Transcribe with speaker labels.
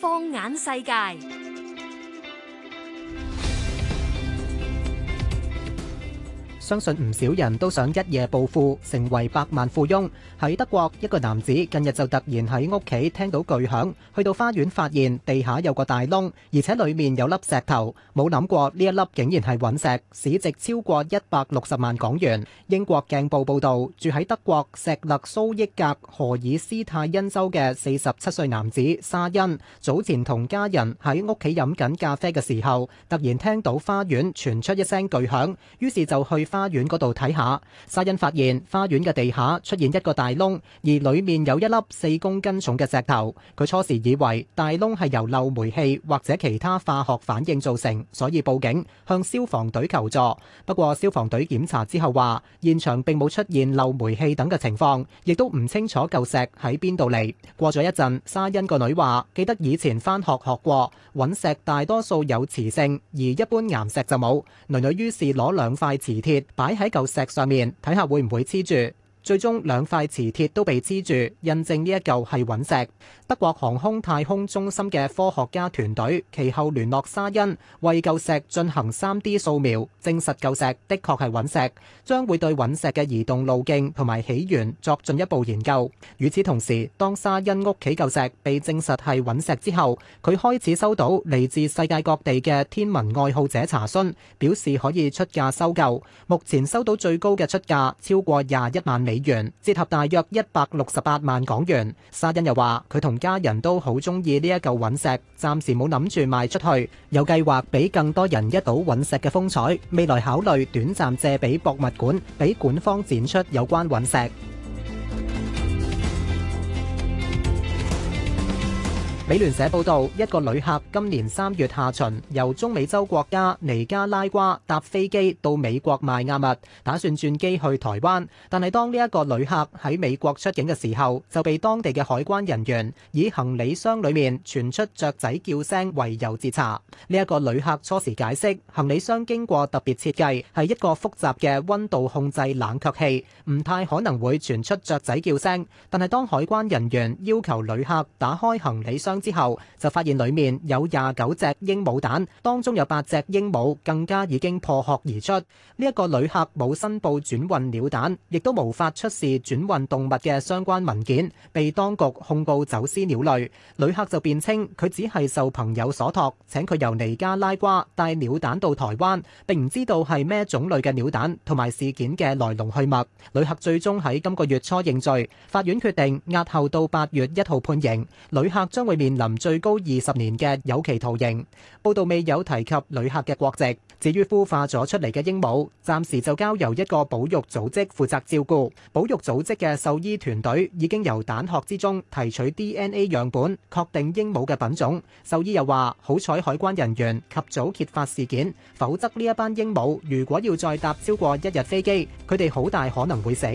Speaker 1: 放眼世界。相信唔少人都想一夜暴富，成為百萬富翁。喺德國，一個男子近日就突然喺屋企聽到巨響，去到花園發現地下有個大窿，而且裏面有粒石頭，冇諗過呢一粒竟然係隕石，市值超過一百六十萬港元。英國鏡報報道，住喺德國石勒蘇益格荷爾斯泰恩州嘅四十七歲男子沙恩，早前同家人喺屋企飲緊咖啡嘅時候，突然聽到花園傳出一聲巨響，於是就去花花園嗰度睇下，沙欣發現花園嘅地下出現一個大窿，而裏面有一粒四公斤重嘅石頭。佢初時以為大窿係由漏煤氣或者其他化學反應造成，所以報警向消防隊求助。不過消防隊檢查之後話，現場並冇出現漏煤氣等嘅情況，亦都唔清楚嚿石喺邊度嚟。過咗一陣，沙欣個女話記得以前翻學學過，隕石大多數有磁性，而一般岩石就冇。女女於是攞兩塊磁鐵。擺喺嚿石上面，睇下會唔會黐住。最終兩塊磁鐵都被黐住，印證呢一舊係隕石。德國航空太空中心嘅科學家團隊其後聯絡沙恩，為舊石進行 3D 掃描，證實舊石的確係隕石，將會對隕石嘅移動路徑同埋起源作進一步研究。與此同時，當沙恩屋企舊石，石被證實係隕石之後，佢開始收到嚟自世界各地嘅天文愛好者查詢，表示可以出價收購。目前收到最高嘅出價超過廿一萬美元。美元折合大約一百六十八萬港元。沙欣又話：佢同家人都好中意呢一嚿隕石，暫時冇諗住賣出去，有計劃俾更多人一睹隕石嘅風采。未來考慮短暫借俾博物館，俾館方展出有關隕石。美聯社報道，一個旅客今年三月下旬由中美洲國家尼加拉瓜搭飛機到美國邁阿密，打算轉機去台灣。但係當呢一個旅客喺美國出境嘅時候，就被當地嘅海關人員以行李箱裏面傳出雀仔叫聲為由截查。呢一個旅客初時解釋，行李箱經過特別設計，係一個複雜嘅溫度控制冷卻器，唔太可能會傳出雀仔叫聲。但係當海關人員要求旅客打開行李箱，之後就發現裏面有廿九隻鸚鵡蛋，當中有八隻鸚鵡更加已經破殼而出。呢一個旅客冇申報轉運鳥蛋，亦都無法出示轉運動物嘅相關文件，被當局控告走私鳥類。旅客就辯稱佢只係受朋友所託，請佢由尼加拉瓜帶鳥蛋到台灣，並唔知道係咩種類嘅鳥蛋同埋事件嘅來龍去脈。旅客最終喺今個月初認罪，法院決定押後到八月一號判刑。旅客將會面臨最高二十年嘅有期徒刑。報道未有提及旅客嘅國籍。至於孵化咗出嚟嘅鸚鵡，暫時就交由一個保育組織負責照顧。保育組織嘅獸醫團隊已經由蛋殼之中提取 DNA 樣本，確定鸚鵡嘅品種。獸醫又話：好彩海關人員及早揭發事件，否則呢一班鸚鵡如果要再搭超過一日飛機，佢哋好大可能會死。